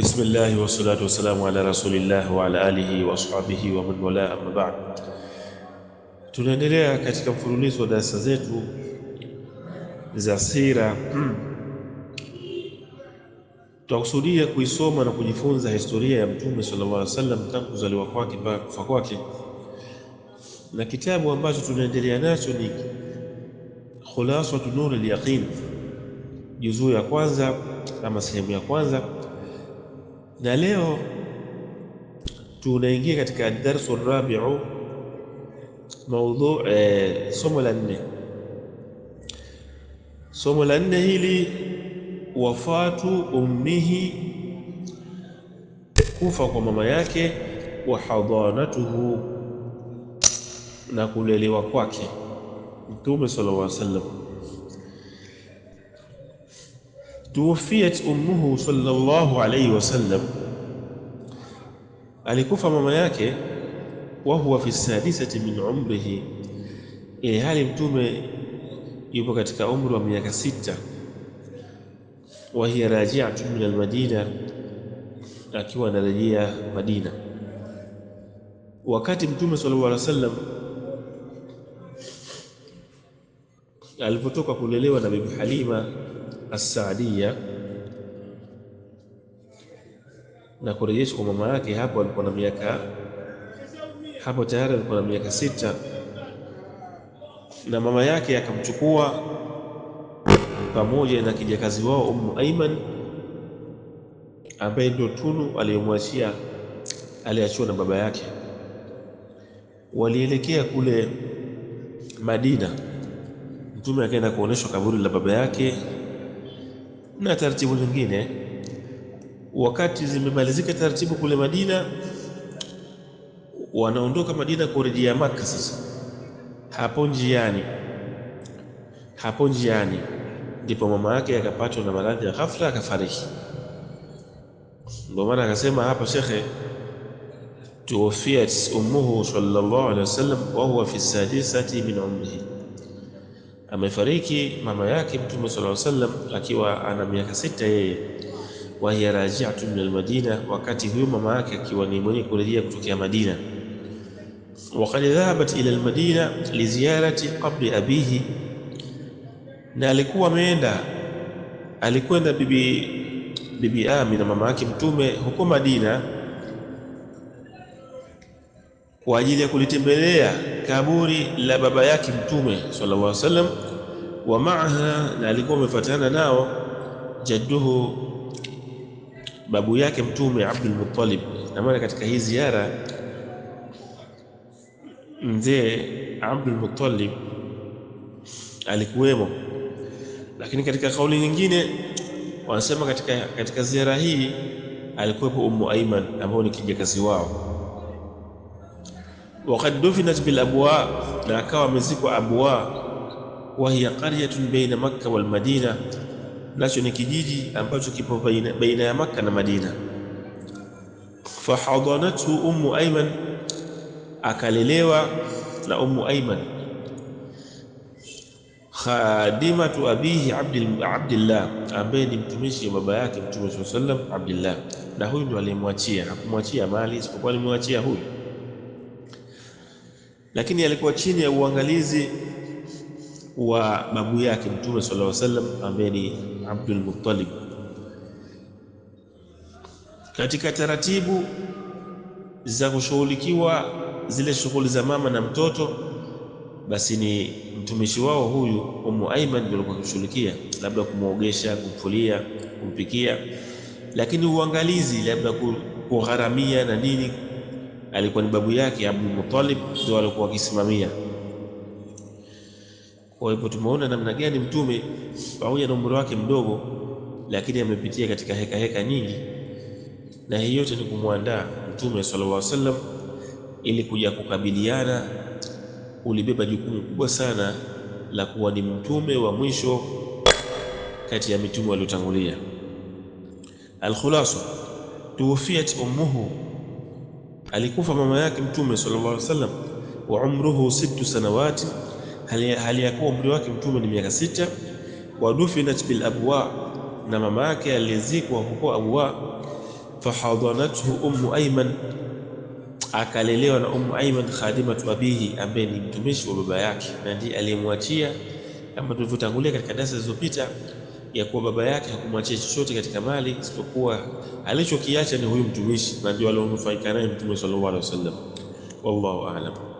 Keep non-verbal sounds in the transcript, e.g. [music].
Bismillahi wassalatu wassalamu ala rasulillah wa ala alihi wa ashabihi wa man wala amma ba'd. Tunaendelea katika mfululizo wa darasa zetu za sira. Tutakusudia [clears throat] kuisoma na kujifunza historia ya Mtume sallallahu alaihi wasallam tangu kuzaliwa kwake mpaka kufa kwake, na kitabu ambacho tunaendelea nacho ni Khulasatu Nuril Yaqin, juzuu ya kwanza ama sehemu ya kwanza na leo tunaingia katika darsu rabiu maudhu e, eh, somo la nne. Somo la nne hili wafatu ummihi, kufa kwa mama yake, wa hadanatuhu na kuleliwa kwake Mtume sallallahu alaihi wasallam. Tuwafiyat ummuhu sallallahu alaihi wasallam alikufa mama yake wa huwa fi sadisati min umrihi, ili hali mtume yupo katika umri wa miaka sita. Wa hiya raji'atun min almadina, akiwa anarejea Madina. Wakati mtume sallallahu alaihi wasallam alipotoka kulelewa na Bibi Halima As-Saadia na kurejeshwa kwa mama yake. Hapo alikuwa na miaka hapo tayari alikuwa na miaka sita, na mama yake akamchukua pamoja na kijakazi wao Ummu Aiman ambaye ndio tunu aliyomwachia aliachiwa na baba yake. Walielekea kule Madina. Mtume akaenda kuonyeshwa kaburi la baba yake na taratibu nyingine wakati zimemalizika taratibu kule Madina, wanaondoka Madina kurejea Maka. Sasa hapo njiani, hapo njiani ndipo mama yake akapatwa na maradhi ya ghafla akafariki. Ndio maana akasema hapa shekhe, tuwafiat ummuhu sallallahu alaihi wasallam wa huwa fi sadisati min umrihi, amefariki mama yake Mtume sallallahu alaihi wasallam akiwa ana miaka sita yeye wa hiya raji'atu min almadina, wakati huyo mama yake akiwa ni mwenye kurejea kutokea Madina. Waqad dhahabat ila almadina liziyarati qabri abihi, na alikuwa ameenda alikwenda bibi bibi Ami na mama yake mtume huko Madina kwa ajili ya kulitembelea kaburi la baba yake mtume sallallahu alaihi wasallam, wa maaha, na alikuwa amefuatana nao jadduhu babu yake Mtume Abdul Muttalib. Na maana katika hii ziara mzee Abdul Muttalib alikuwemo, lakini katika kauli nyingine wanasema katika, katika ziara hii alikuwepo Ummu Aiman ambao ni kijakazi wao. Waqad dufinat bil abwa, na akawa amezikwa Abwa. hiya qaryatun baina Makkah wal Madina nacho ni kijiji ambacho kipo baina, baina ya Makka na Madina. Fahadanathu Ummu Aiman, akalelewa na Ummu Aiman khadimatu abihi Abdillah, ambaye ni mtumishi wa baba yake Mtume swalla sallam Abdillah. Na huyu ndio alimwachia hakumwachia mali isipokuwa alimwachia huyu, lakini alikuwa chini ya uangalizi wa babu yake Mtume sallallahu alaihi wasallam ambaye ni Abdul Muttalib. Katika taratibu za kushughulikiwa zile shughuli za mama na mtoto, basi ni mtumishi wao huyu Umu Aiman ndio alikuwa labda kumwogesha, kumfulia, kumpikia, lakini uangalizi, labda kugharamia na nini, alikuwa ni babu yake Abdul Muttalib ndio alikuwa akisimamia. Kwa hivyo tumeona namna gani Mtume pamoja na umri wake mdogo, lakini amepitia katika heka heka nyingi, na hii yote ni kumwandaa Mtume sallallahu alaihi wasallam ili kuja kukabiliana. Ulibeba jukumu kubwa sana la kuwa ni mtume wa mwisho kati ya mitume waliotangulia. Alkhulasa, tuwufiat ummuhu, alikufa mama yake Mtume sallallahu alaihi wasallam, wa umruhu sittu sanawati hali ya kuwa umri wake mtume ni miaka sita. Wadufinat bil abwa, na mama yake alizikwa huko Abwa. Fahadhanathu ummu Ayman, akalelewa na ummu Ayman khadimatu abihi, ambaye ni mtumishi wa baba yake na ndiye aliyemwachia, kama tulivyotangulia katika darasa zilizopita, ya kuwa baba yake hakumwachia chochote katika mali isipokuwa alichokiacha ni huyu mtumishi, na ndio alionufaika naye Mtume sallallahu alaihi wasallam. Wallahu aalam.